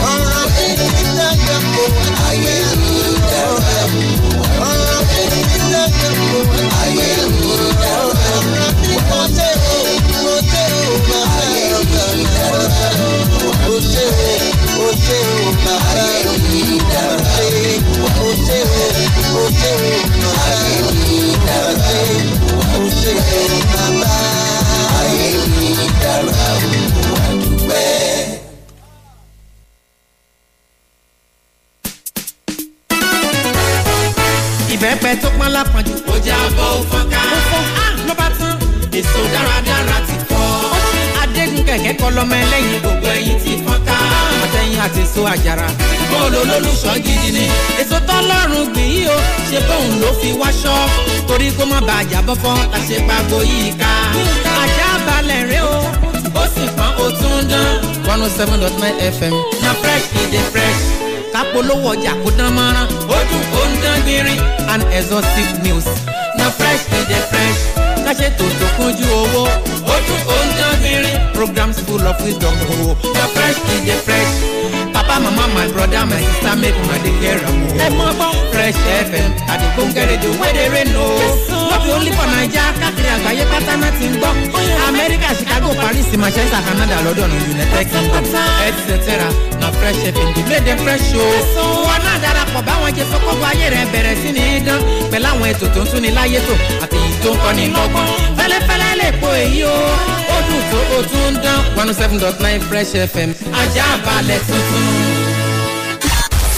All right. ayé òkúta ọ̀rọ̀ o mo o máa ayé òkúta ọ̀rọ̀ o mo o máa. kọ́mọ́ bá jábọ́ fọ́n la ṣe pàgọ́ yìí ká. àṣà balẹ̀ rẹ o ó sì pọ́n ó tún dán. one oh seven dot nine fm na fresh e dey fresh. kápolówó ọjà kó dán mọ́rán ó dùn ó ń dán gbinrin and exhaustive news na fresh e dey fresh. káṣe tòótọ́ kúnjú owó ó dùn ó ń dán gbinrin programs full of wisdom o na fresh e dey fresh. Papa, mama, my brother, my sister, make my day. care am o. Ẹ mọ bọ́ Fresh FM, àdìgún kẹrìndínlẹ́dẹ̀ẹ́rẹ́ nù. Yes, orin olífọ̀ naija káàkiri àgbáyé pátá náà ti ń gbọ́. amẹ́ríkà chicago paris manchester canada london united kingdom etc na fresh fm di méde fresh o. wọn náà darapọ̀ báwọn jẹ sọ́kọ́ bá ayé rẹ̀ bẹ̀rẹ̀ sí ní dán pẹ̀lú àwọn ètò tó ń tún ni láyé tó àti èyí tó ń kọ́ ni lọ́gbọ́n fẹ́lẹ́fẹ́lẹ́ lè po èyí o ó dùn tó o tún ń dán one oh seven dot nine fresh fm ajá balẹ̀ tuntun.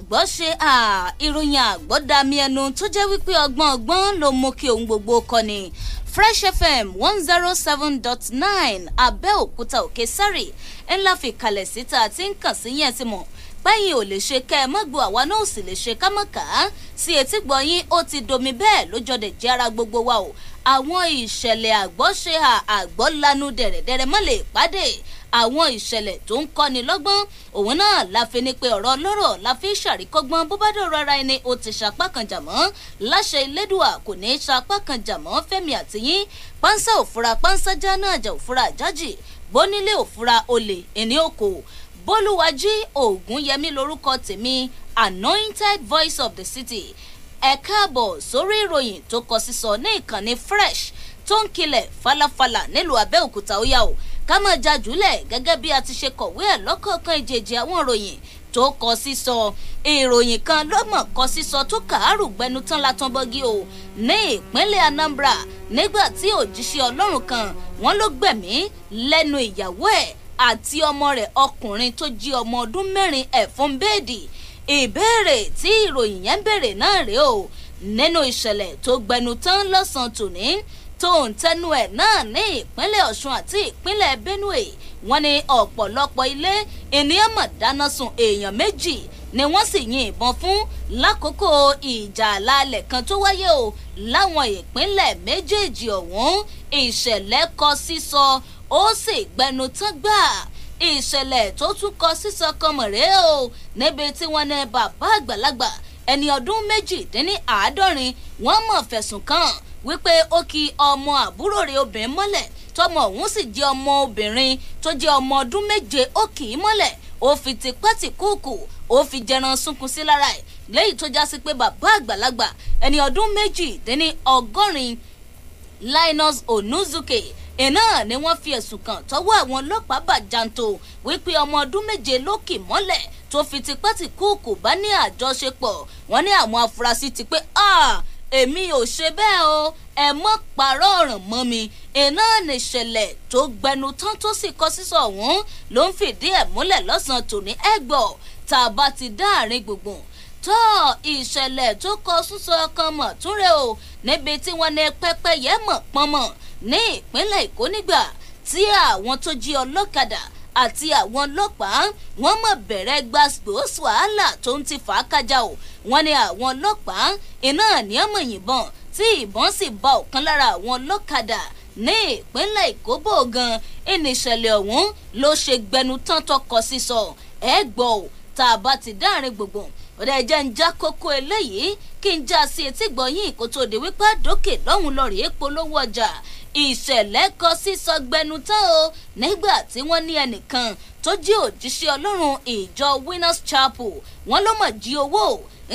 àgbọ́ ṣe ìròyìn àgbọ́ dami ẹnu tó jẹ́ wípé ọgbọ́n ọgbọ́n ló mú kí ohun gbogbo kọ́ni fresh fm one zero oh seven dot nine abẹ́òkúta òkè sáré ńlá fi kalẹ̀ síta tí ń kàn sí yẹn ti mọ̀ pẹ́yìn ò lè ṣe kẹ́ ẹ mọ́ àwa náà ò sì lè ṣe kámọ́ká sí etí gbọ̀nyìn ó ti domi bẹ́ẹ̀ lójọ́dẹ̀ jẹ́ ara gbogbo wa o àwọn ìṣẹ̀lẹ̀ àgbọ́ ṣe àgbọ́ lanu dẹ̀rẹ̀dẹ̀rẹ̀ mọ́ lè pàdé àwọn ìṣẹ̀lẹ̀ tó ń kọ́ni lọ́gbọ́n òun náà la fi ni pé ọ̀rọ̀ lọ́rọ̀ la fi ṣàríkọ́gbọ́n bó bá dọ̀rọ̀ ara ẹni o ti ṣapá kan jà mọ́ láṣẹ Elédùà kò ní í ṣapá kan jà mọ́ Fẹ́mi àtìyín pánsá òfura pánsá já náà jà òfura àjájì bónílé òfura olè ẹni òkò bólúwájí ògúnyẹmí lórúkọ tèmi anointed voice of the city ẹ káàbọ̀ sórí ìròyìn tó kọ sísọ ní ìkànnì fresh tó ń kilẹ̀ falafala nílùú Abẹ́òkúta ó yá o ká máa jajúlẹ̀ gẹ́gẹ́ bí a ti ṣe kọ̀wé ẹ̀ lọ́kọ̀ọ̀kan ìjèjì àwọn ìròyìn tó kọ sísọ ìròyìn kan lọ́gbọ̀n kọ sísọ tó kàárù gbẹnu tán látọ́bọ́gí o ní ìpínlẹ̀ Anambra nígbà tí òjíṣẹ́ Ọlọ́run kan wọ́n ló gbẹ̀mí lẹ́nu ìyàwó ẹ̀ àti ọmọ rẹ̀ ọkùnrin tó jí ọmọ ọdún mẹ́rin ẹ̀ fún bẹ́ẹ̀dì ìbéèrè tí ìròyìn yẹn ń béèrè náà rèé o nínú ìṣẹ̀lẹ̀ tó gbẹnu tán lọ́sàn-án tòní tó ń tẹnu ẹ̀ náà ní ìpínlẹ̀ Ọ̀ṣun àti ìpínlẹ̀ Benue wọ́n ní ọ̀pọ̀lọpọ̀ ilé ènìyàn mọ̀ dáná sun èèyàn méjì ni wọ́n sì yin ìbọn fún lákòókò ìjà àlàálẹ̀ kan tó wáyé o láwọn ìpínlẹ̀ méjèèjì ọ̀hún ìṣẹ̀lẹ̀ kọ sísọ ó sì gbẹnu tán gbà ìṣẹ̀lẹ̀ tó tún kọ sísọ kan mọ̀rẹ́ o níbi tí wọ́n ní bàbá àgbàlagbà ẹni ọdún méjìdínní àádọ́rin wọ́n mọ̀ fẹ̀sùn kàn wípé ó ki ọmọ àbúrò rẹ̀ obìnrin mọ́lẹ̀ tọmọ ọ̀hún sì jẹ́ ọmọ obìnrin tó jẹ́ ọmọ ọdún méje ó kì í mọ́lẹ̀ ó fi tipátìkúùkù ó fi jẹran sunkún sí lára ẹ̀ lẹ́yìn tó já sí pé bàbá àgbàlagbà ẹni ọdún méjìdínní ọgọ́rin Linus Onuzuke iná ni wọ́n fi ẹ̀sùn kàn tọ́wọ́ àwọn ọlọ́pàá bàjánto wípé ọmọ ọdún méje ló kì mọ́lẹ̀ tó fi tipátìkúùkù bá ní àjọṣepọ̀ wọ́n ní àwọn afurasí ti pé èmi ò ṣe bẹ́ẹ̀ o ẹ mọ́ pàrọ̀ ọ̀ràn mọ́ mi iná nìṣẹ̀lẹ̀ tó gbẹnu tán tó sì kọ́ sísọ ọ̀hún ló ń fìdí ẹ̀ múlẹ̀ lọ́sàn-án tòní ẹ̀gbọ́ tá a bá ti dá àárín gbùngbùn tó ìṣẹ̀lẹ̀ tó kọ sísọ ọkàn mọ̀ túnre o níbi tí wọ́n ní pẹ́pẹ́yẹ mọ̀ pọ́nmọ̀ ní ìpínlẹ̀ Èkó nígbà tí àwọn tó jí ọlọ́kadà àti àwọn ọlọ́pàá wọ́n mọ̀ bẹ̀rẹ̀ gbàsgbòs wàhálà tó ń ti fà á kájà o wọ́n ní àwọn ọlọ́pàá iná ní ọmọ ìyìnbọn tí ìbọn sì bá ọ̀kan lára àwọn ọlọ́kadà ní ìpínlẹ̀ Èkó gan ìníṣẹ̀lẹ̀ ọ̀hún ló ṣe gbẹnu tán tọkọ sísọ ẹ gbọ́ ò tá a bá ti dáàrin gbùngbùn ọ̀dà ẹ̀jẹ̀ ń já kókó eléyìí kí n já sí etí gbọ̀nyìn kó tó di wípé àdókè lọ́hùn lọ́ọ̀rì epo lówó ọjà ìṣẹ̀lẹ̀ kọ sísọ gbẹnután o nígbà tí wọ́n ní ẹnìkan tó jẹ́ òjíṣẹ́ ọlọ́run ìjọ winners chapel wọ́n ló mọ̀ jí owó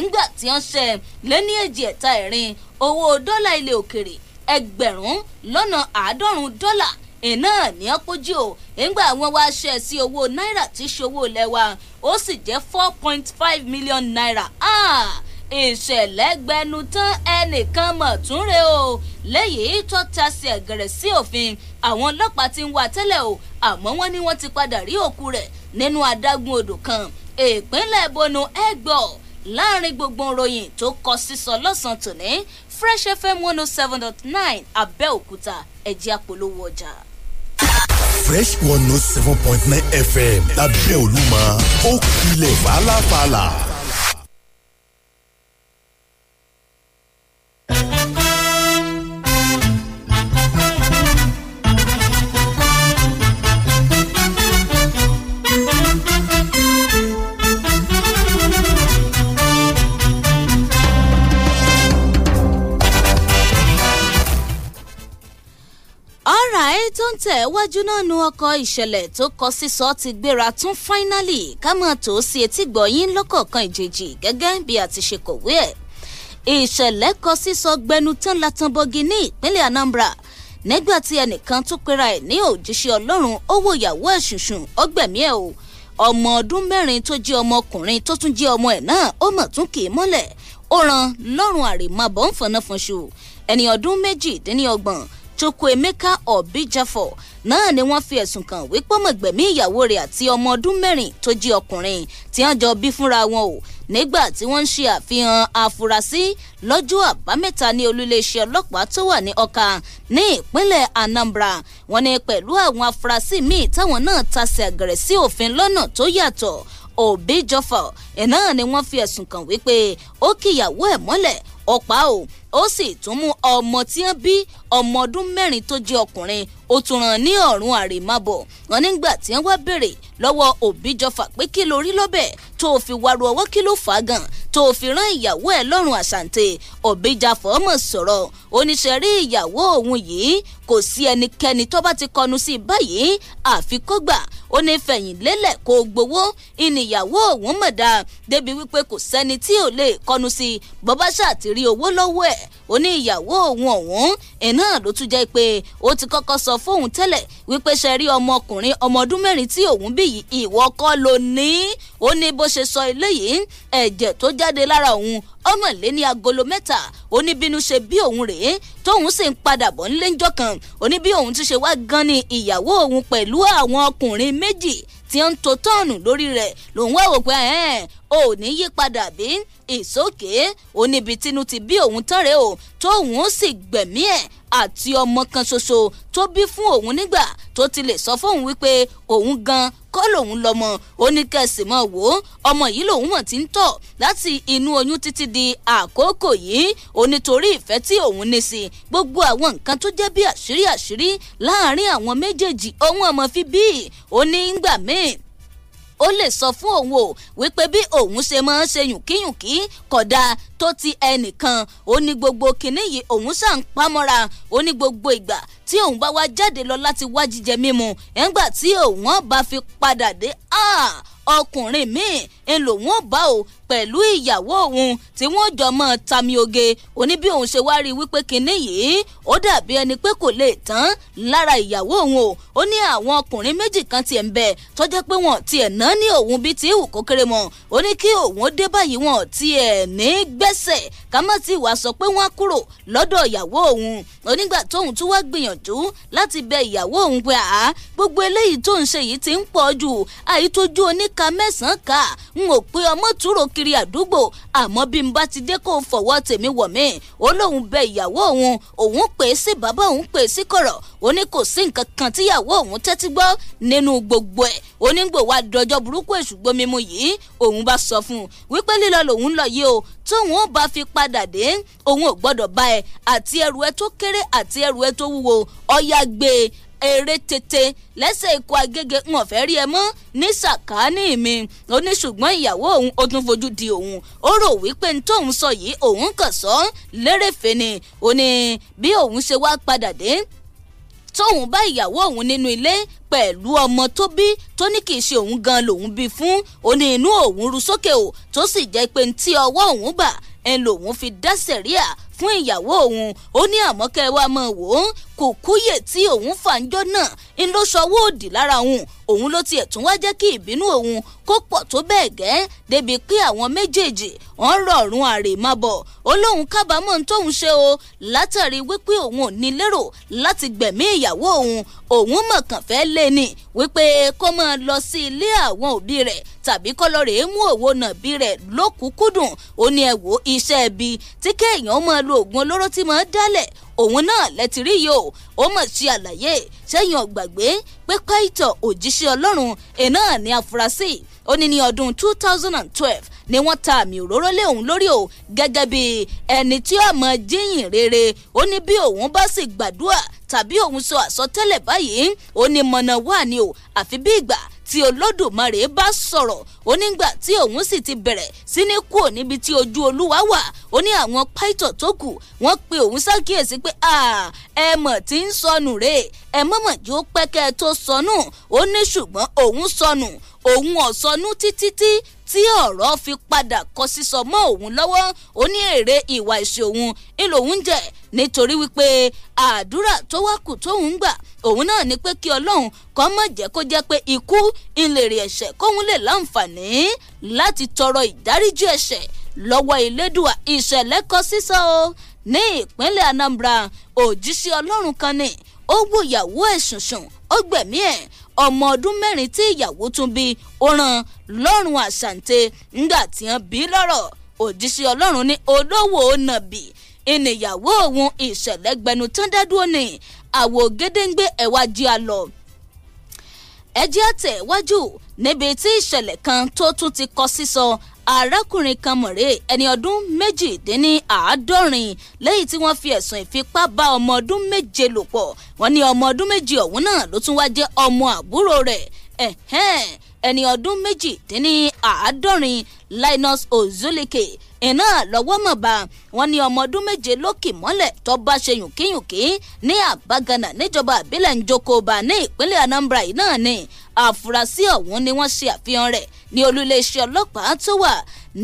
ńgbà tí wọ́n ṣe lé ní èjì ẹ̀ta ẹ̀rin owó dọ́là ilẹ̀ òkèrè ẹgbẹ̀rún lọ́nà àádọ́rùn-ún dọ́là iná ní ọpọ́jú o nígbà wọn wá ṣe sí owó náírà tí ṣòwò lẹ́wà ó sì jẹ́ four point five million naira. Ah! ìṣẹ̀lẹ̀ gbẹnu tán ẹnìkan mọ̀ tún re o léyìí tó tasẹ̀ gẹ̀rẹ̀ sí òfin àwọn ọlọ́pàá ti ń wá tẹ́lẹ̀ o àmọ́ wọ́n ní wọ́n ti padà rí òkú rẹ̀ nínú adágún odò kan ìpínlẹ̀ bonu ẹgbọ́ láàrin gbogbo ìròyìn tó kọ sísọ lọ́sàn-án tòní fresh fm one oh seven dot nine abẹ́òkúta ẹ̀jẹ̀ àpolówó ọjà. fresh one oh seven point nine fm lábẹ́ olúmọ ó kilẹ̀ fàlàfàlà. tó ń tẹ̀ wájú náà nu ọkọ̀ ìṣẹ̀lẹ̀ tó kọ sísọ ti gbéra tún fáínálì ká mọ̀ tó sí etí gbọ̀yìn lọ́kọ̀ọ̀kan ìjèjì gẹ́gẹ́ bí a ti ṣe kọ̀wé ẹ̀ ìṣẹ̀lẹ̀ kọ sísọ gbẹnu tán latanbọ́gi ní ìpínlẹ̀ Anambra nígbà tí ẹnìkan tó pera ẹ̀ ní òjíṣẹ́ Ọlọ́run ó wò ìyàwó ẹ̀ ṣùṣùn ó gbẹ̀mí ẹ̀ o ọmọ ọdún mẹ́rin tó jẹ́ ọmọkùnrin tó tún jẹ́ ọmọ ẹ̀ náà ó mọ̀ tún kì í mọ́lẹ̀ ó ran lọ́rùn àrèmábọ̀ ń fọnáfọnṣu ẹni ọdún méjìdínlọ́gbọ̀n chukwuemeka obijafo náà ni wọ́n fi ẹ̀sùn kàn wípé ó mọ̀gbẹ̀mí ìyàwó rẹ̀ àti ọmọ ọdún mẹ́rin tó jí ọkùnrin tí wọ́n jọ bí fúnra wọn o nígbà tí wọ́n ń ṣe àfihàn àfúrásì lọ́jọ́ àbámẹ́ta ní olúléeṣẹ́ ọlọ́pàá tó wà ní ọkà ní ìpínlẹ̀ anambra wọ́n ní pẹ̀lú àwọn afurasí míì táwọn náà tasẹ̀ àgẹ̀rẹ̀ sí òfin lọ́nà tó yàtọ̀ òbíjọfọ̀ ẹ̀ náà ni wọ́n fi ẹ̀sùn kàn wípé ó kíyàwó ẹ̀ mọ́lẹ̀ ọ̀pá o ó sì tún mú ọmọ tí ń bí ọmọ ọdún mẹ́rin tó jẹ́ ọkùnrin ó tún ràn ní ọ̀run àrèmábọ̀ wọn nígbà tí wọ́n wá béèrè lọ́wọ́ òbí jọfà pé kí lórí lọ́bẹ̀ tó fi wárò ọwọ́ kí ló fà á gan tó fi rán ìyàwó ẹ̀ lọ́rùn àṣàǹtẹ̀ òbí jafọ́ mọ̀ sọ̀rọ̀ oníṣẹ́ rí ìyàwó òun yìí kò sí ẹnikẹ́ni tó bá ti kọnu sí báyìí àfikọ́gbà ó ní fẹ̀yìn lélẹ̀ kó gbowó ìníyàwó òun mọ̀ dáa débi wípé kò sẹ́ni tí ò lè kọnu sí i bọ́bá ṣàtìrí owó lọ́wọ́ ẹ̀ ó ní ìyàwó òun ọ̀hún iná ló tún jẹ́ pé ó ti kọ́kọ́ sọ fóun tẹ́lẹ̀ wípé ṣe rí ọmọkùnrin ọmọ ọdún mẹ́rin tí òun bí yìí ìwọ kọ́ ló ní ó ní bó ṣe sọ eléyìí ẹ̀jẹ̀ tó jáde lára òun ọmọ lé ní agolo mẹ́ta oníbínú ṣe bí òun rèé tóun sì ń padà bọ̀ nílé ńjọ́ kan oní bí òun ti ṣe wá gan ni ìyàwó òun pẹ̀lú àwọn ọkùnrin méjì tí ó ń to tọ́ọ̀nù lórí rẹ̀ lòun wá wò pé ò ní yí padà bí ìsókè ó níbi tínú ti bí òun tán rèé o tóun sì gbẹ̀mí ẹ̀ àti ọmọ kan ṣoṣo tó bí fún òun nígbà tó ti lè sọ fóun wípé òun gan kọ́ lòun lọ́mọ ó ní kẹ̀sì mọ́ wò ó ọmọ yìí lòun mọ̀ ti ń tọ̀ láti inú oyún títí di àkókò yìí ó nítorí ìfẹ́ tí òun ní sí gbogbo àwọn nǹkan tó jẹ́ bí àṣírí àṣírí láàárín àwọn méjèèjì ohun ọmọ fi bí ó ní ń gbà míì ó lè sọ fún òun o wípé bí òun ṣe máa ń ṣe yùnkíyùnkí kódà tó ti ẹnìkan ó ní gbogbo kinní yìí òun ṣàn pamọ́ra ó ní gbogbo ìgbà tí òun bá wá jáde lọ láti wá jíjẹ mímu ẹ̀ńgbà tí òun bá fi padà dé ah! ọkùnrin míì ń lòun ò bá o pẹ̀lú ìyàwó òun tí wọ́n jọ mọ́ tami oge oní bí òun ṣe wá rí wípé kinní yìí ó dàbí ẹni pé kò lè tán lára ìyàwó òun o ó ní àwọn ọkùnrin méjì kan tiẹ̀ ń bẹ tó jẹ́ pé wọ́n tiẹ̀ ná ní òun bíi ti ìwù kókéré mọ́ ó ní kí òun dé báyìí wọ́n tiẹ̀ ní gbẹ́sẹ̀ ká má ti wàá sọ pé wọ́n á kúrò lọ́dọ̀ ìyàwó òun onígbà tóun tún wá gbìyànjú láti ka mẹ́sàn-án kà n ò pé ọmọ túrò kiri àdúgbò àmọ́ bí n bá ti dé kó fọwọ́ tèmi wọ̀ mí ó lóun bẹ ìyàwó òun òun pè é sí bàbá òun pè é sí kọ̀rọ̀ ó ní kò sí nǹkan kan tíyàwó òun tẹ́tí gbọ́ nínú gbogbo ẹ̀ onígbò wa dọjọ́ burúkú èṣùgbọ́ mímu yìí òun bá sọ fún un wípé lílọ lòun lọ yìí o tóun ó bá fi padà dé òun ò gbọ́dọ̀ bá ẹ àti ẹrù ẹ tó kéré àti ẹrù ẹ tó wúwo ọ̀ya gbé e eré tètè lẹ́sẹ̀ ikọ̀ agége ń ọ̀fẹ́ rí ẹ mọ́ ní sàkáání mi ó ní ṣùgbọ́n ìyàwó òun ó tún fojú di òun ó rò wípé ní tóun sọ yìí òun kàn sọ lérèfé ni ó ní bí òun ṣe wá padà dé tóun bá ìyàwó òun nínú ilé pẹ̀lú ọmọ tó bí tó ní kì í ṣe òun gan lòun bí fún òní inú òun ru sókè o tó sì jẹ́ pé tí ọwọ́ òun bà ń lòun fi dá sẹ̀ríà fún ìyàwó òun ó ní àmọ́ kẹ́ ẹ wá mọ̀ wò ó kò kúyè tí òun fà ń jọ náà ń ló ṣọwọ́ òdì lára òun òun ló tiẹ̀ tún wá jẹ́ kí ìbínú òun kó pọ̀ tó bẹ́ẹ̀ gẹ́ débi pé àwọn méjèèjì wọ́n rọ̀rùn àrè má bọ̀ ó lóun kábàámọ̀ ń tóun ṣe o látàrí wípé òun ò ní lérò láti gbẹ̀mí ìyàwó òun òun mọ̀kàn fẹ́ lé ni wípé kó máa lọ sí ilé àwọn òbí rẹ̀ tàbí kọ́lọ́ rèé mú òwò nàbí rẹ̀ lókùúkúdùn ó ní ẹ iṣẹ́ ibi tí kéèyàn máa lo oògùn olóró tí máa dálẹ̀ òun náà lẹ́tì rí yìí o ó mọ̀ sí àlàyé sẹ́yìn ọ̀gbàgbé pé pẹ́ẹ́tọ̀ òjíṣẹ́ ọlọ́run ẹ̀ ní afurasí ó ní ní ọdún two thousand and twelve ni wọ́n ta àmì òróró lé òun lórí o gẹ́gẹ́ bí ẹni tí ó mọ jíyìn rere ó ní bí òun bá sì gbàdúrà tàbí òun sọ àsọtẹ́lẹ̀ báyìí ó ní mọ̀nà wà ní o àfi bí ìgbà tí olódùmarè bá sọ̀rọ̀ onígbà tí òun sì ti bẹ̀rẹ̀ sí ní kúrò níbi tí ojú olúwa wà ó ní àwọn pító tó kù wọ́n pe òun ṣàkíyèsí pé ẹ mọ̀ tí ń sọnù rè ẹ mọ̀mọ̀ jó pẹ́kẹ́ tó sọnù ó ní ṣùgbọ́n òun sọnù òun ọ̀sọnù títí tí ọ̀rọ̀ fi padà kọ sísọ mọ́ òun lọ́wọ́ ó ní èrè ìwà ìṣe òun ìlò òun jẹ́ nítorí wípé àdúrà tó wá kù tóun gbà òun náà ni pé kí ọlọ́run kọ́ mọ̀ jẹ́ kó jẹ́ pé ikú ìlérí ẹ̀ṣẹ̀ kóun lè láǹfààní láti tọrọ ìdáríjì ẹ̀ṣẹ̀ lọ́wọ́ ìlédùà ìṣẹ̀lẹ̀ kọ sísọ o ní ìpínlẹ̀ Anambra òjíṣẹ́ ọlọ́run kan ni ó gbòyàwó ẹ̀sùnsùn ó gbẹ̀mí ẹ̀ ọmọ ọdún mẹ́rin tí ìyàwó tún bí ó ràn lọ́rùn àṣàǹtẹ̀ ńgbà tí wọ́n bí lọ́rọ̀ òjíṣẹ́ ọlọ́run ní olówó nàbì ìnìyàwó òun ìṣẹ̀lẹ̀ gbẹnu tán dádúró ní àwò gédéǹgbé ẹ̀wà jí a lọ. ẹ jẹ́ tẹ̀ wájú níbi tí ìṣẹ̀lẹ̀ kan tó tún ti kọ sísọ arákùnrin kan mọ̀rẹ́ ẹni ọdún méjìdínláàádọ́rin lẹ́yìn tí wọ́n fi ẹ̀sùn ìfipá bá ọmọ ọdún méje lò pọ̀ wọ́n ní ọmọ ọdún méje ọ̀hún náà ló tún wá jẹ́ ọmọ àbúrò rẹ̀ ẹni ọdún méjìdínláàádọ́rin Linus Ozulike iná lọ́wọ́ mọ̀ bá wọn ní ọmọ ọdún méje lókè mọ́lẹ̀ tó bá ṣe yùnkíyùnkí ní Àbágànà níjọba àbílẹ̀ Njokoba ní ìpínlẹ̀ Anambra yìí náà ni àfúrásì ọ̀hún ni wọ́n ṣe àfihàn rẹ̀ ní olú iléeṣẹ́ ọlọ́pàá tó wà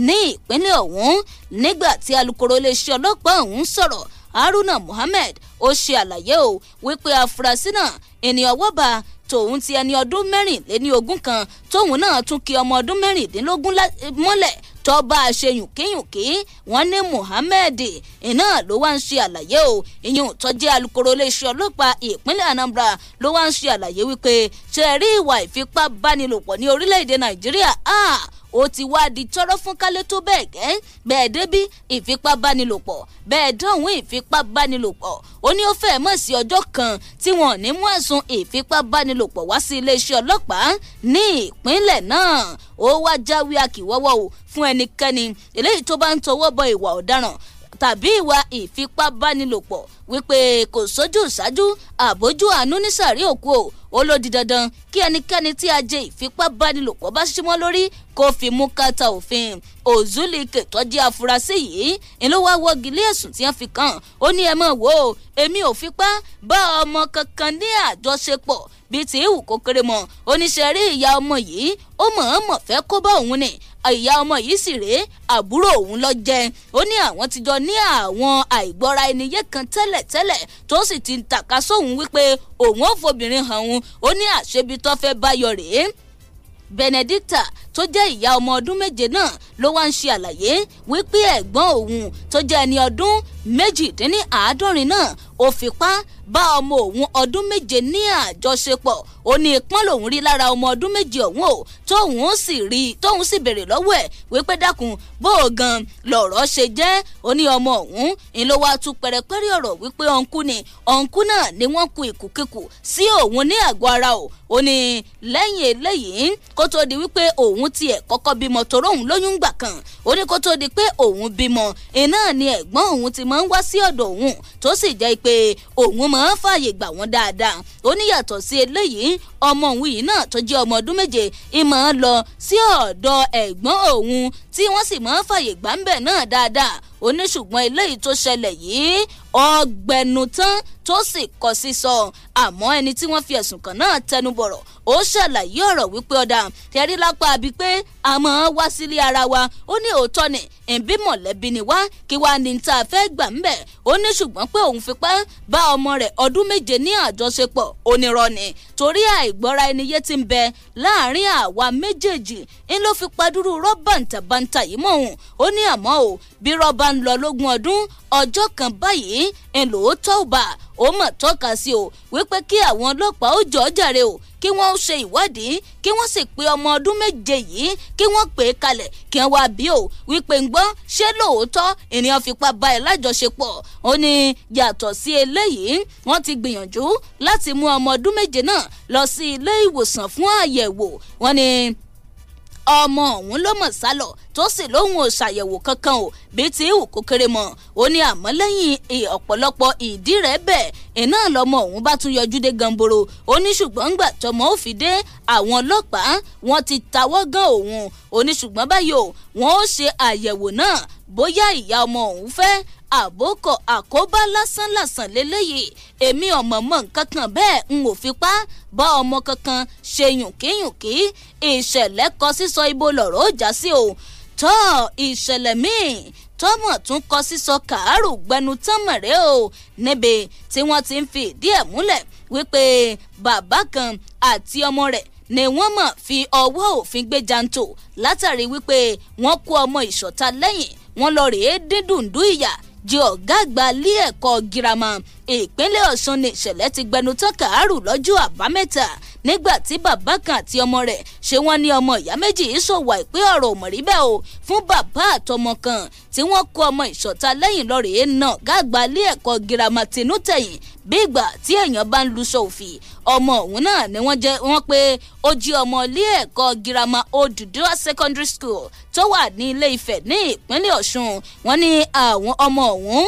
ní ìpínlẹ̀ ọ̀hún nígbà tí alukoro iléeṣẹ́ ọlọ́pàá ọ̀hún sọ̀rọ̀ haruna muhammed ó ṣe àlàyé o wípé àfúrásì náà ènìyàn wọ́ba tòun ti ẹni ọdún mẹ́rìnléní ogún kan tóun náà tún kí ọmọ ọdún mẹ́rìndínlógún mọ́lẹ̀ tọ́ba ṣe yùnkíyùnkí wọ́n ní Muhammed iná ló wá ń ṣe àlàyé o ìyẹn ò tọ́jẹ́ iléeṣẹ́ ọlọ́pàá ìpínlẹ̀ Anambra ló wá ń ṣe àlàyé wípé ṣe rí ìwà ìfipábánilòpọ̀ ní orílẹ̀-èdè Nàìjíríà ah! ó ti wá di tọ́rọ́ fún kálé tó bẹ́ẹ̀ gẹ́ bẹ́ẹ̀ débí ìfipábánilòpọ̀ bẹ́ẹ̀ dánwò ìfipábánilòpọ̀ ó ní ó fẹ́ẹ̀ mọ̀ sí ọjọ́ kan tí wọn ò ní mú ẹ̀sùn ìfipábánilòpọ̀ wá sí iléeṣẹ́ ọlọ́pàá ní ìpínlẹ̀ náà ó wá jáwé akíwọ́wọ́ o fún ẹnikẹ́ni eléyìí tó bá ń tọwọ́ bọ ìwà ọ̀daràn tàbí ìwà ìfipábánilòpọ̀ wípé kò sójú ṣáájú àbójú àánú ní sàrí òkú o ó ló di dandan kí ẹnikẹ́ni tí ajé ìfipábánilòpọ̀ bá símọ́ lórí kó fi mú kàtà òfin Ozulike tó jẹ́ afurasí yìí ń ló wá wọ́gi lé ẹ̀sùn tí wọ́n fi kàn ó ní ẹ mọ̀ wò ó èmi ò fipá bá ọmọ kankan ní àjọṣepọ̀ bíi ti ìwù kókéré mọ́ oníṣẹ́ ìyá ọmọ yìí ó mọ̀ọ́mọ̀ fẹ́ kó bá òun ni ìyá ọmọ yìí sì rèé àbúrò òun lọ jẹ ó ní àwọn ti jọ ní àwọn àìgbọ́ra ẹniyé kan tẹ́lẹ̀tẹ́lẹ̀ tó sì ti ń tàka sóhun wípé òun ò fobìnrin hàn òun ó ní àṣebi tó fẹ́ báyọ̀ rèé Benedicta tó jẹ́ ìyá ọmọ ọdún méje náà ló wá ń ṣe àlàyé wípé ẹ̀gbọ́n òun tó jẹ́ ẹni ọdún méjìdínláàádọ́rin náà ó fipá bá ọmọ òun ọdún méje ní àjọṣepọ̀ ó ní ìpọ́n lòun rí lára ọmọ ọdún méje ọ̀hún o tóun sì rí tóun sì béèrè lọ́wọ́ ẹ̀ wípé dákun bó o gan lọ̀rọ̀ ṣe jẹ́ ó ní ọmọ ọ̀hún ń ló wá tú pẹ̀rẹ̀pẹ̀rẹ̀ ọ̀rọ̀ wípé ọ̀nkú ni ọ̀nkú náà ni wọ́n ku ìkùkíkù sí òun ní àgọ́ ara o ó ní lẹ́yìn eléyìí kó tó di wípé òun òun tiẹ̀ kọ́kọ́ bímọ toró òun lóyún gbà kan ó ní kó tó di pé òun bímọ iná ni ẹ̀gbọ́n òun ti máa ń wá sí ọ̀dọ̀ òun tó sì jẹ́ pé òun máa ń fààyè gbà wọ́n dáadáa ó ní yàtọ̀ sí eléyìí ọmọ òun yìí náà tó jẹ́ ọmọ ọdún méje ìmọ̀ ń lọ sí ọ̀dọ̀ ẹ̀gbọ́n òun tí wọ́n sì máa ń fààyè gbà ń bẹ̀ náà dáadáa ó ní ṣùgbọ́n eléyìí tó ṣẹlẹ̀ yìí ọgbẹ̀nù tán tó sì kọ sísọ àmọ́ ẹni tí wọ́n fi ẹ̀sùn kàn náà tẹnubọ̀rọ̀ ó ṣàlàyé ọ̀rọ̀ wípé ọ̀dà tẹ̀rí lápá àbí pé àmọ́ wá sílé ara wa ó ní òótọ́ ni ẹ̀bí mọ̀lẹ́bí ni wá kí wá ní tá a fẹ́ gbà ń bẹ̀ ó ní ṣùgbọ́n pé òun fipá bá ọmọ rẹ̀ ọdún méje ní àjọṣepọ̀ onírọ́ ni torí àìgbọ́ra ẹniyé ti ń bẹ láàrin àwa méjèèjì ń ló fi padúrú rọ́bàǹtàbàǹtà yìí mọ̀ òun ó ní àmọ́ ò bí rọ́bà ń lọ lógún ọdún ọjọ́ kan báyìí ń lò ó tọ́ ọba ó mọ̀ tọ́ka sí o wípé kí àwọn ọlọ́pàá ó jọ jàre o kí wọ́n ṣe ìwádìí kí wọ́n sì pe ọmọ ọdún méje yìí kí wọ́n pè é kalẹ̀ kí wọ́n wá bí o wípé ń gbọ́ ṣé lóòótọ́ ènìyàn fipá bá ẹ lájọṣepọ̀ ó ní yàtọ̀ sí eléyìí wọ́n ti gbìyànjú láti mú ọmọ ọdún méje náà lọ sí ilé ìwòsàn fún àyẹ̀wò wọ́n ní ọmọ ọ̀hún ló mọ̀ sálọ tó sì lóhun ò ṣàyẹ̀wò kankan o bí ti hù kó kéré mọ́ ó ní àmọ́ lẹ́yìn ọ̀pọ̀lọpọ̀ ìdí rẹ̀ bẹ̀ iná lọmọ ọ̀hún bá tún yọjú dé gamboro ó ní ṣùgbọ́n ńgbà tọmọ ò fi dé àwọn ọlọ́pàá wọn ti tawọ́ gan òun ó ní ṣùgbọ́n báyìí o wọn ó ṣe àyẹ̀wò náà bóyá ìyá ọmọ ọ̀hún fẹ́ àbókọ àkóbá lásánlàsàn lélẹ́yìí èmi ọ̀mọ̀ mọ̀ nǹkan kan bẹ́ẹ̀ n ò fipá bá ọmọ kankan ṣe yùnkíyùnkí ìṣẹ̀lẹ̀ kọ sísọ ibo lọ̀rọ̀ ó já sí o tọ́ ìṣẹ̀lẹ̀ míì tọ́mọ̀ tún kọ sísọ kàárò gbẹnu tánmọ̀rẹ́ o níbi tí wọ́n ti ń fi ìdí ẹ̀ múlẹ̀ wípé bàbá kan àti ọmọ rẹ̀ ni wọ́n mọ̀ fi ọwọ́ òfin gbé janto látàrí wípé wọ́n kó ọmọ ìṣọ̀ta lẹ́yìn wọ́n lọ rèé dídùndú ìyà di ọ̀gá àgbà ilé ẹ̀kọ́ girama ìpínlẹ̀ Ọ̀ṣun ní ìṣẹ̀lẹ̀ ti gbẹnu tán kàárù lọ́jọ́ àbámẹ́ta nígbà tí bàbá kan àti ọmọ rẹ̀ ṣe wọ́n ní ọmọ ìyá méjì yìí ṣòwò àìpé ọ̀rọ̀ òmò rí bẹ́ẹ̀ o fún bàbá àtọmọ kan tí wọ́n kó ọmọ ìṣọ̀ta lẹ́yìn lọ́rẹ̀ẹ́ náà gàgbà ilé ẹ̀kọ́ girama tinútẹ̀yìn bí ìgbà tí èèyàn bá ń lu sọ̀fì ọmọ òun náà ni wọ́n jẹ́ wọ́n pé ó jí ọmọ ilé ẹ̀kọ́ girama Odùduwà secondary school tó wà ní Ilé Ifẹ̀ ní ìpínlẹ̀ Ọ̀ṣun wọ́n ní àwọn ọmọ òun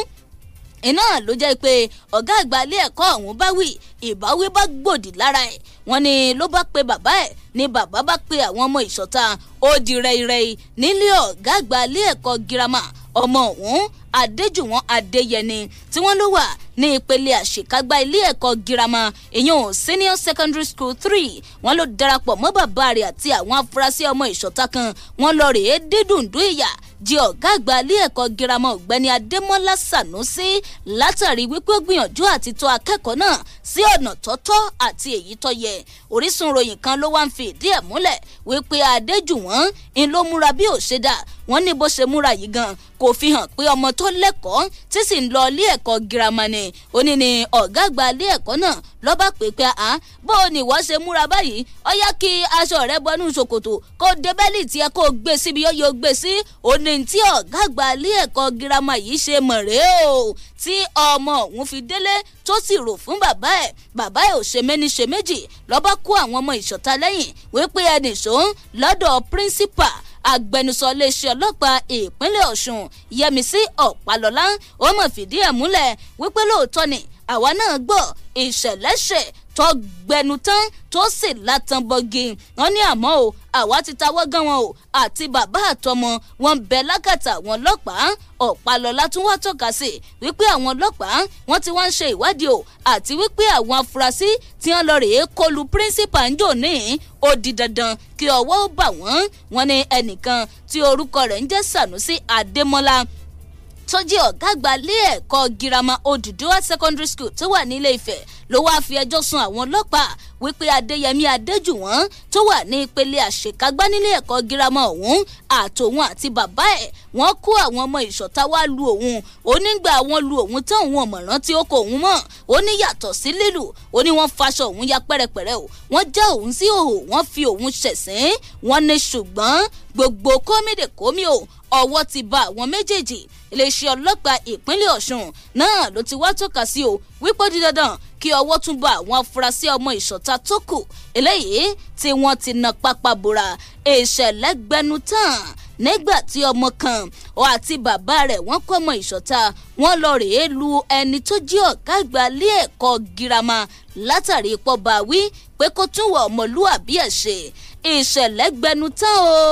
iná ló jẹ́ pé ọ̀gá àgbà ilé ẹ̀kọ́ ọ̀hún bá wí ìbáwí bá gbòdì lára ẹ̀ wọ́n ní ló bá pe bàbá ẹ̀ ni bàbá bá pe àwọn ọmọ ìṣọ̀ta ó di rẹ́irẹ́i nílé ọ̀gá àgbà ilé ẹ̀kọ́ girama ọmọ ọ̀hún adéjùwọ̀n adéyẹni tí wọ́n ló wà ní ìpele àṣekágbá ilé ẹ̀kọ́ girama ìyún senior secondary school three wọ́n ló darapọ̀ mọ́ bàbá rẹ̀ àti àwọn afurasí ọmọ ìṣọ̀tá kan wọ́n lọ rèé dídùndún ìyà di ọ̀gá àgbà ilé ẹ̀kọ́ girama ọ̀gbẹ́ni adémọ́lá sanusi látàrí wípé ó gbìyànjú àti tọ́ akẹ́kọ̀ọ́ náà sí ọ̀nà tọ́tọ́ àti èyí tó yẹ orísun ròyìn kan ló wá ń fi ìdí ẹ̀ múlẹ̀ wípé adéjùwọ̀n ń ló múra bí ò ṣe dà wọ́n ní bó ṣe múra yìí gan kò fi hàn pé ọmọ tó lẹ́kọ̀ọ́ tí sì ń lọ ilé ẹ̀kọ́ girama ni ni ó ní ni ọ̀gá àgbà ilé ẹ̀kọ́ náà lọ́ba pè pé à bó o ní ìwọ ṣe múra báyìí ó yá kí aṣọ rẹ bọnú ṣòkòtò kó o dé bẹ́lì tí ẹ kó o gbé síbi yóò yóò gbé sí òní tí ọ̀gá àgbà ilé ẹ̀kọ́ girama yìí ṣe mọ̀ rèé o tí ọmọ òun fi délé tó sì rò fún bàbá ẹ̀ bàbá ẹ̀ ò ṣe méní ṣe méjì lọ́ba kó àwọn ọmọ ìṣọ̀tà lẹ́yìn wípé ẹnì principal agbẹnusọ iléeṣẹ́ ọlọ́pàá ìpínlẹ̀ ọ̀ṣun yẹmísí ọ̀pálọ́lá ó mọ̀ fìdí ẹ̀ múlẹ̀ wípé lóòótọ́ ni àwa náà gbọ́ ìṣẹ̀lẹ́ṣẹ̀ tó gbẹnu tán tó sì látàn bọ́gì wọn ní àmọ́ o àwa ti tawọ́ gan wọn o àti bàbá àtọmọ wọn bẹ lákàtà àwọn ọlọ́pàá ọ̀pálọ́lá tún wá tọ́ka sí wípé àwọn ọlọ́pàá wọn ti wá ń ṣe ìwádìí o àti wípé àwọn afurasí tí wọn lọ rèé kọlu píríncípà ń jò ní ó dandan kí ọwọ́ bà wọ́n wọn ní ẹnìkan tí orúkọ rẹ̀ ń jẹ́ sànúsí adémọ́lá tó jẹ́ ọ̀gá àgbà ilé ẹ̀kọ́ girama Odùduwà secondary school tó wà ní Ilé Ifẹ̀ ló wáá fi ẹjọ́ sun àwọn ọlọ́pàá wípé Adéyẹmí Adéjùwọ̀n tó wà ní ìpele àṣekágbá nílé ẹ̀kọ́ girama ọ̀hún àtòun àti bàbá ẹ̀ wọ́n kó àwọn ọmọ ìṣọ̀tá wá lu òun ó nígbà wọ́n lu òun tán òun ọ̀mọ̀ràn tí ó kọ òun mọ́ ó ní yàtọ̀ sí lílù ó ní wọ́n faṣọ òun ya pẹ́rẹpẹ̀rẹ o wọ́n já òun sí òhò wọ́n fi òun ṣẹ̀sín wọ́n ní ṣùgbọ́n gbogbo kómìdèkómì o ọwọ́ ti ba àwọn méjèèjì iléeṣẹ́ ọlọ́pàá ìpínlẹ̀ ọ̀ṣun náà ló ti wá tọ́ka sí o wípé di dandan kí ọwọ́ tún bá àwọn afurasí ọmọ ìṣọ̀ta tó kù eléyìí tí wọ́n ti na pápá bora ìṣẹ̀lẹ̀ gbẹnu tán nígbà tí ọmọ kan àti bàbá rẹ̀ wọ́n kọ́ ọmọ ìṣọ̀ta wọ́n lọ rèé lu ẹni tó jẹ́ ọ̀gá àgbà ilé ẹ̀kọ́ girama látàrí pọ́ba wí pé kó tún wọ ọmọlúwàbí ẹ̀ ṣe ìṣẹ̀lẹ̀ gbẹnu tán o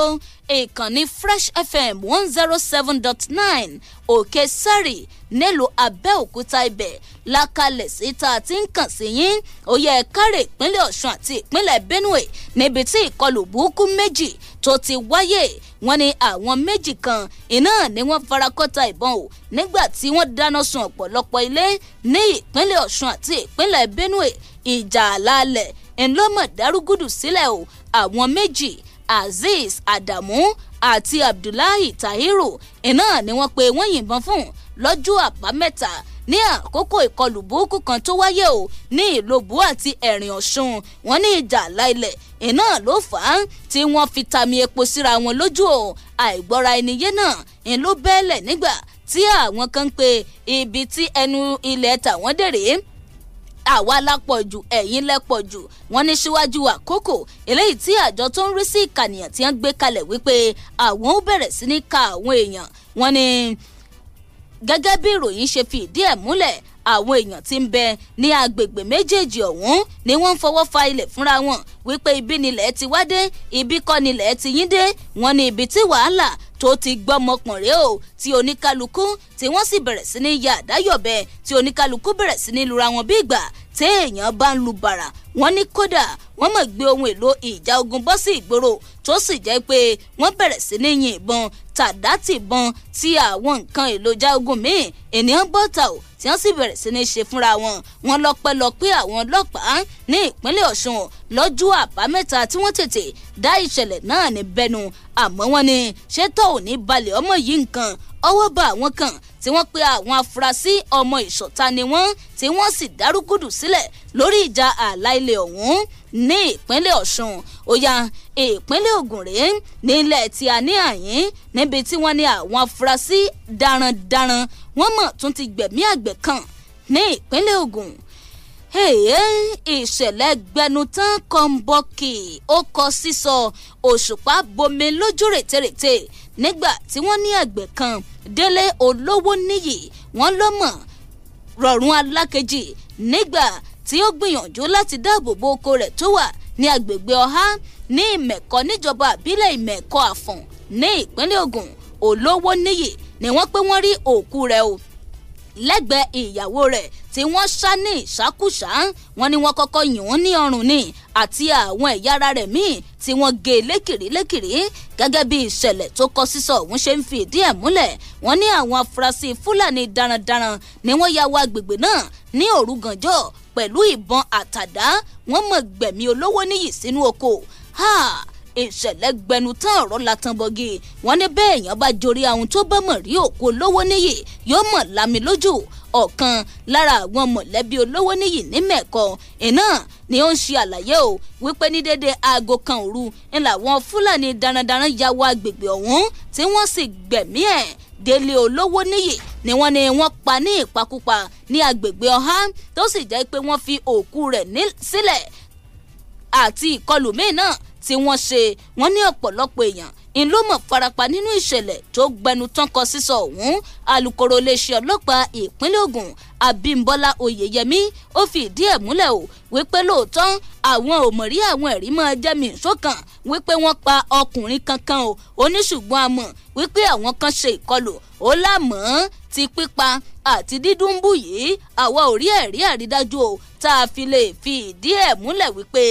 ìkànnì fresh fm one zero oh seven dot nine òkè sárì nílùú abẹ́òkúta ibẹ̀ lákàlẹ̀ síta tí ń kàn sí yín oyè ẹ̀kárẹ̀ ìpínlẹ̀ ọ̀ṣun àti ìpínlẹ̀ benue níbi tí ìkọlù burúkú méjì tó ti wáyé wọn ni àwọn méjì kan iná ni wọn farakọta ìbọn o nígbà tí wọn dáná sun ọ̀pọ̀lọpọ̀ ilé ní ìpínlẹ̀ ọ̀ṣun àti ìpínlẹ̀ benue ìjà àlàálẹ̀ ńlọmọdárúgùdù sílẹ̀ o àwọn méjì azeez adamu àti abdullahi tahiru iná ni wọ́n pe wọ́n yìnbọn fún lọ́jọ́ àbámẹ́ta ní àkókò ìkọlù burúkú kan tó wáyé o ní ìlòbù àti ẹ̀rìn ọ̀ṣun wọn ní ìjà láìlẹ̀ iná ló fà á tí wọ́n fi tami epo síra wọn lójú o àìgbọ́ra ẹniyé náà ń ló bẹ́ẹ̀lẹ̀ nígbà tí àwọn kan ń pe ibi tí ẹnu ilẹ̀ tàwọn dèrè àwa lápọ̀jù ẹ̀yin lẹ́pọ̀jù wọ́n ní síwájú àkókò eléyìí tí àjọ tó ń rí sí ìkànìyàn tí wọ́n gbé kalẹ̀ wípé àwọn ó bẹ̀rẹ̀ sí ní ka àwọn èèyàn wọ́n ní gẹ́gẹ́ bí ìròyìn ṣe fi ìdí ẹ̀ múlẹ̀ àwọn èèyàn tí ń bẹ ní agbègbè méjèèjì ọ̀hún ni wọ́n ń fọwọ́ fa ilẹ̀ fúnra wọn wípé ibi nilẹ̀ ti wá dé ibi kọ́ nilẹ̀ ti yín dé wọ́n ní ibi tí wàhálà tó ti gbọ́mọpọ̀n rèé o tí oníkálukú tí wọ́n sì bẹ̀rẹ̀ sí ní ya àdáyọ̀bẹ tí oníkálukú bẹ̀rẹ̀ sí ní lura wọn bí ìgbà téèyàn bá ń lu bàrà wọ́n ní kódà wọ́n mọ̀ gbé ohun èlò ìjà ogun bọ́ sí ìgboro tó sì jẹ́ pé wọ́n bẹ̀rẹ̀ sí ní yin tàdátìbọn tí àwọn nǹkan èlò ìjà ogun míì ènìyàn bọ́ ta ò tí wọ́n sì bẹ̀rẹ̀ sí ní ṣe fúnra wọn wọn lọ́pẹ́lọpẹ́ àwọn ọlọ́pàá ní ìpínlẹ̀ Ọ̀ṣun lọ́jọ́ àbámẹ́ta tí wọ́n tètè dá ìṣẹ̀lẹ̀ náà ní bẹnu àmọ́ wọ́n ní ṣé tó ò ní balẹ̀ ọmọ yìí nǹkan ọwọ́ bá àwọn kan tí wọ́n pe àwọn afurasí ọmọ ìṣọ̀ta ni wọ́n tí wọ́n sì dárúgùdù sílẹ̀ lórí ìjà ààlà ọ̀hún ní ìpínlẹ̀ ọ̀ṣun ó ìpínlẹ̀ ògùn rèé nílẹ̀ tí a ní àyín níbi tí wọ́n ní àwọn afurasí darandaran wọ́n mọ̀ tún ti gbẹ̀mí àgbẹ̀ kan ní ìpínlẹ̀ ògùn Eh, ìṣẹ̀lẹ̀ gbẹnután kọ́ńbọ́ọ̀kì ó kọ sísọ òṣùpá bomi lójú rètérètè nígbà tí wọ́n ní ẹgbẹ́ kan délé olówó níyì wọ́n ló mọ̀ rọ̀rùn alákejì nígbà tí ó gbìyànjú láti dáàbò bo oko rẹ̀ tó wà ní agbègbè ọ̀há ní ìmẹ̀kọ níjọba àbílẹ̀ ìmẹ̀kọ àfọ̀n ní ìpínlẹ̀ Ògùn olówó níyì ni wọ́n pé wọ́n rí òkú rẹ̀ o lẹ́gbẹ̀ẹ́ ìyàwó rẹ̀ tí wọ́n ṣá ní ìṣàkúṣà wọn ni wọ́n kọ́kọ́ yìn ún ní ọrùn ni àti àwọn ẹ̀yà ara rẹ̀ míì tí wọ́n gé lékiri e lékiri gẹ́gẹ́ bí ìṣẹ̀lẹ̀ tó kọ sísọ ọ̀hún ṣe ń fi ìdí ẹ̀ múlẹ̀ wọ́n ní àwọn afurasí fúlàní darandaran ni wọ́n ya wọ agbègbè náà ní òru gànjọ́ pẹ̀lú ìbọn àtàdá wọ́n mọ̀ gbẹ̀mí olówó níyì sínú oko. Ha! ìṣẹ̀lẹ̀ gbẹnu tán ọ̀rọ̀ latanbọ̀gì wọn ní bẹ́ẹ̀ èèyàn bá jorí àwọn tó bá mọ̀ rí òkú olówó níyì yóò mọ̀ lámi lójú ọ̀kan lára àwọn mọ̀lẹ́bí olówó níyì ní mẹ́kọ iná ni ó ń ṣe àlàyé o wípé ní dédé aago kan òru ń làwọn fúlàní darandaran ya wọ agbègbè ọ̀hún tí wọ́n sì gbẹ̀mí ẹ̀ délé olówó níyì ni wọ́n ní wọ́n pa ní ìpakúpa ní agbègbè ọ̀há tó sì jẹ́ pé wọ́n fi òkú rẹ̀ sílẹ̀ àti ìkọlù míì náà tí wọ́n ṣe wọ́n ní ọ̀pọ̀lọpọ̀ èèyàn ń ló mọ̀ farapa nínú ìṣẹ̀lẹ̀ tó gbẹnu tán kọ sísọ ọ̀hún alūkkóró iléeṣẹ́ ọlọ́pàá ìpínlẹ̀ Ògùn Abímbọ́lá Oyèyẹmí ó fi ìdí ẹ̀ múlẹ̀ o wípé lóòótọ́ àwọn ò mọ̀ rí àwọn ẹ̀rí máa jẹ́ mi sókàn wípé wọ́n pa ọkùnrin kankan o ó ní ṣùgbọ́n a mọ̀ wípé àwọn kan ṣe ìkọlù ó lámọ̀ ti pípa àti dídúnbù yìí àwa ò rí ẹ̀rí àrídájú o tá a fi lè fi ìdí ẹ̀ múlẹ̀ wípé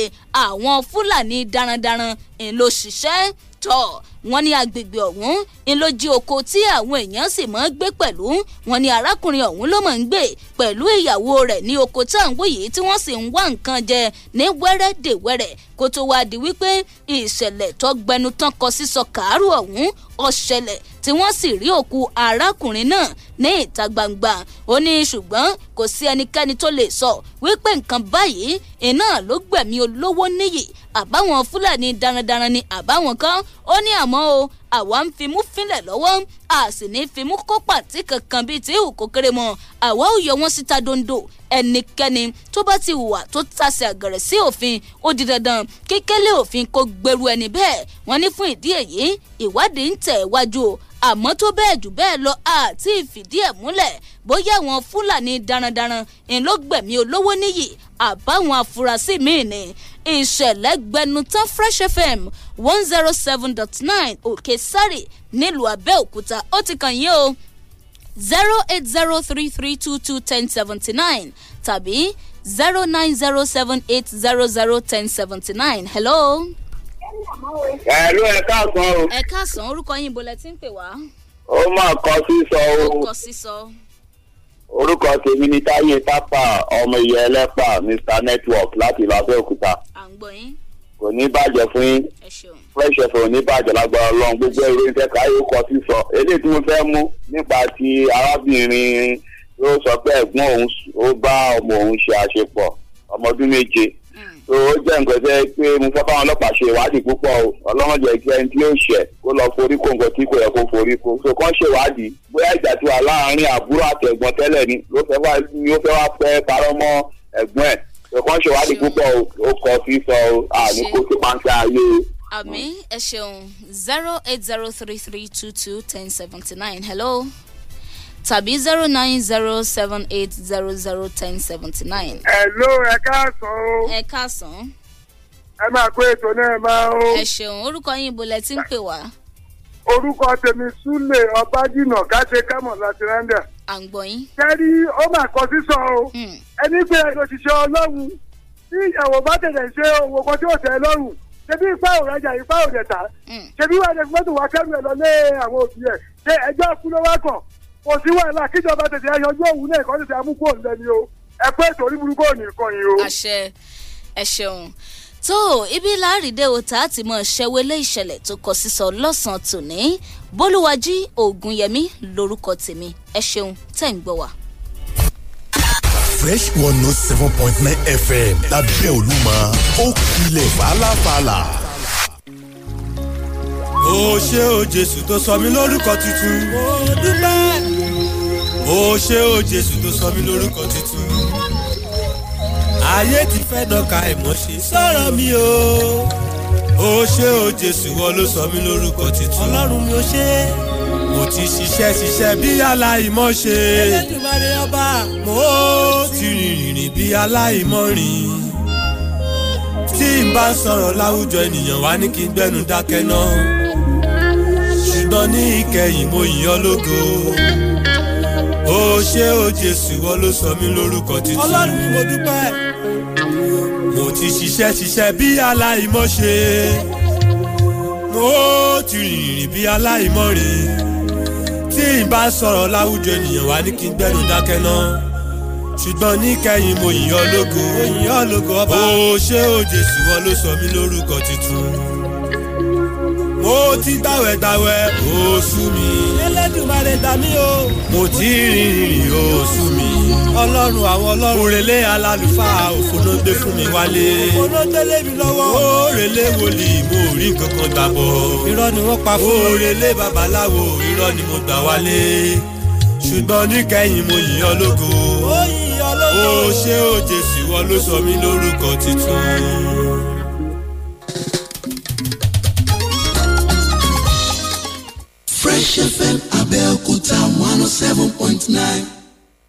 àwọn Fúlàní darandaran ń lọ ṣiṣẹ́ tọ̀ wọ́n ní agbègbè ọ̀hún ń ló jí oko tí àwọn èèyàn sì máa ń gbé pẹ̀lú wọ́n ní arákùnrin ọ̀hún ló máa ń gbé pẹ̀lú ìyàwó rẹ̀ ní oko tá à ń wò yìí tí wọ́n sì ń wá nǹkan jẹ ní wẹ́rẹ́ dè wẹ́rẹ́ kó tó wá di wípé ìṣẹ̀lẹ̀ tó gbẹnu tán kọ sísọ kàárù ọ̀hún ó ṣẹlẹ̀ tí wọ́n sì rí òkú arákùnrin náà ní ìta gbangba ó ní ṣùgbọ́n kò sí ẹnikẹ́ni tó lè sọ wípé nǹkan báyìí iná ló gbẹ̀mí olówó níyì àbáwọn fúlàní darandaran ni àbáwọn kan ó ní àmọ́ o àwa ń fimú fínlẹ̀ lọ́wọ́ a sì ní fimú kó pàtí kankan bíi ti ìhùkó kéré mọ́ àwa ò yọ wọ́n síta dondo ẹnikẹ́ni tó bá ti hùwà tó tasẹ̀ àgẹ̀rẹ̀ sí òfin ó di dandan kíkélé òfin kó gbèrú ẹni bẹ́ẹ̀ wọ́n ní fún ìdí èyí ìwádìí ń tẹ̀ wájú o àmọ́ tó bẹ́ẹ̀ jù bẹ́ẹ̀ lọ àti ìfìdí ẹ̀ múlẹ̀ bóyá àwọn fúlàní darandaran ń olówó níyì àbáwọn afurasí míì ni ìṣẹ̀lẹ̀ gbẹnután fresh fm one zero oh seven dot nine òkè sáré nílùú abẹ́òkúta ó ti kàn yín o zero eight zero three three two two ten seventy nine tàbí zero nine zero seven eight zero zero ten seventy nine hello. ẹ̀lú ẹ̀ káàsán o. ẹ̀ káàsán orúkọ yín bolẹ̀ tí ń pè wá. ó máa kọ sísọ o. ó kọ sísọ orúkọ tèmi ni táyé tápà ọmọ ìyá ẹlẹ́pà mr network láti ìlú abẹ́òkúta. à ń gbọ́ yín. kò ní bàjẹ́ fún yín. ẹ ṣeun. fresh fm ò ní bàjẹ́ lágbára ọlọ́run gbogbo èrò ìfẹ́ káyé kọ sí sọ eléyìí tí mo fẹ́ mú nípa ti arábìnrin yóò sọ pé ẹ̀gbọ́n òun ó bá ọmọ òun ṣe àṣepọ̀ ọmọ méje tó jẹ́ nǹkan tẹ́ pé mo fẹ́ káwọn ọlọ́pàá ṣe ìwádìí púpọ̀ o ọlọ́run jẹ́ kí ẹni tí ó ṣẹ̀ kó lọ forí kó nǹkan tí kò yẹ kó forí kó so kán ṣe ìwádìí bóyá ìjà tí wà láàárín àbúrò àtẹ̀gbọ́n tẹ́lẹ̀ ni ló fẹ́ wá ni ó fẹ́ wá fẹ́ parọ́ mọ́ ẹ̀gbọ́n ẹ̀ so kán ṣe ìwádìí púpọ̀ o ó kọ sísọ o àní kó tó pàǹtà ayé àmì ẹ ṣeun zero eight zero three three two two ten seventy nine hello. tàbí zero nine zero seven eight zero zero ẹ ló ẹ káàsán o. ẹ káàsán. ẹ máa kó ètò náà máa o. ẹ ṣeun orúkọ yín ibo lẹ ń pè wá. orúkọ tèmi súlè ọbájínà káṣe kámọ láti à ń yín. kọ sísọ o. Hmm. ẹni pé tí ìyàwó bá tẹ̀lé ṣe òwò kan tí ò tẹ̀ lọ́rùn ṣebí ipá òrajà ipá hmm. ṣebí wàá dẹ̀ fún mọ́tò wá kẹ́rù ẹ̀ lọ lé àwọn òbí kò sí wàhálà kíjọba tètè ẹ yanjú òun náà kọ́ tètè amúkú òun lẹ́ni o ẹ pé ètò oníburúkú òní kan yìí o. àṣẹ ẹ ṣeun tó ibi láàrídé òtá àti mọ ṣẹwélé ìṣẹlẹ tó kọ sísọ lọsànán tòní bólúwájí ògùnyẹmí lórúkọ tèmi ẹ ṣeun tẹ ń gbọ wá. fresh one note oh seven point nine fm lábẹ́ olúmọ ó kilẹ̀ fàlàfàlà. ó ṣe O jésù tó sọ mí lórúkọ tuntun. mo dúpẹ́ ó ṣé ó jésù tó sọ mí lórúkọ tuntun ayé ti fẹ́ dọ́ka ìmọ̀ṣe sọ̀rọ̀ mi o ó ṣé ó jésù wọn ló sọ mí lórúkọ tuntun ọlọ́run mi ò ṣe mo ti ṣiṣẹ́ ṣiṣẹ́ bí aláìmọ̀ṣe Elédùmarè ọba mo ti rìnrìn rìn bí aláìmọ̀rìn tí n bá sọ̀rọ̀ láwùjọ ènìyàn wá ní kí n gbẹ́nu dákẹ́ náà ṣùgbọ́n ní ìkẹyìn mo yìn ọ́ lógo ó ṣé ó jésù wọ́n ló sọ mí lórúkọ títí. ọlọ́run mi mo dúpẹ́. mo ti ṣiṣẹ́ ṣiṣẹ́ bí aláìmọ́ṣe mo ti rìnrìn bí aláìmọ́re tí n bá sọ̀rọ̀ láwùjọ ènìyàn wá ní kí n gbẹ́nu dákẹ́ náà ṣùgbọ́n níkẹyìn mo yìn ọ́ lógo. ọba. ó ṣé ó jésù wọ́n ló sọ mí lórúkọ títun mo ti tàwẹ̀tàwẹ̀ ó sú mi. Elédùmarè dà mí o. mo ti rìnrìn ó sú mi. ọlọ́run àwọn ọlọ́run. òrèlé alálùfáà òfòlódé fún mi wálé. òfòlódé lé mi lọ́wọ́. òrèlé wòlíì mo rí kankan tàbọ̀. irọ́ ni wọ́n pa fún mi. òrèlé babaláwo irọ́ ni mo gbà wálé. ṣùgbọ́n níkẹyìn mo yìn ọ́ lógo. ó yìn ọ́ lógo. ó ṣé ó Jésù ló sọ mí lórúkọ titun. Fresh FM Abẹ́òkúta one oh seven point nine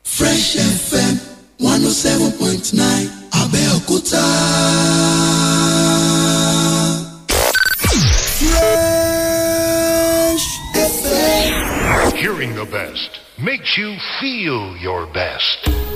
Fresh FM one oh seven point nine Abẹ́òkúta. Fresh FM. Hearing the best makes you feel your best.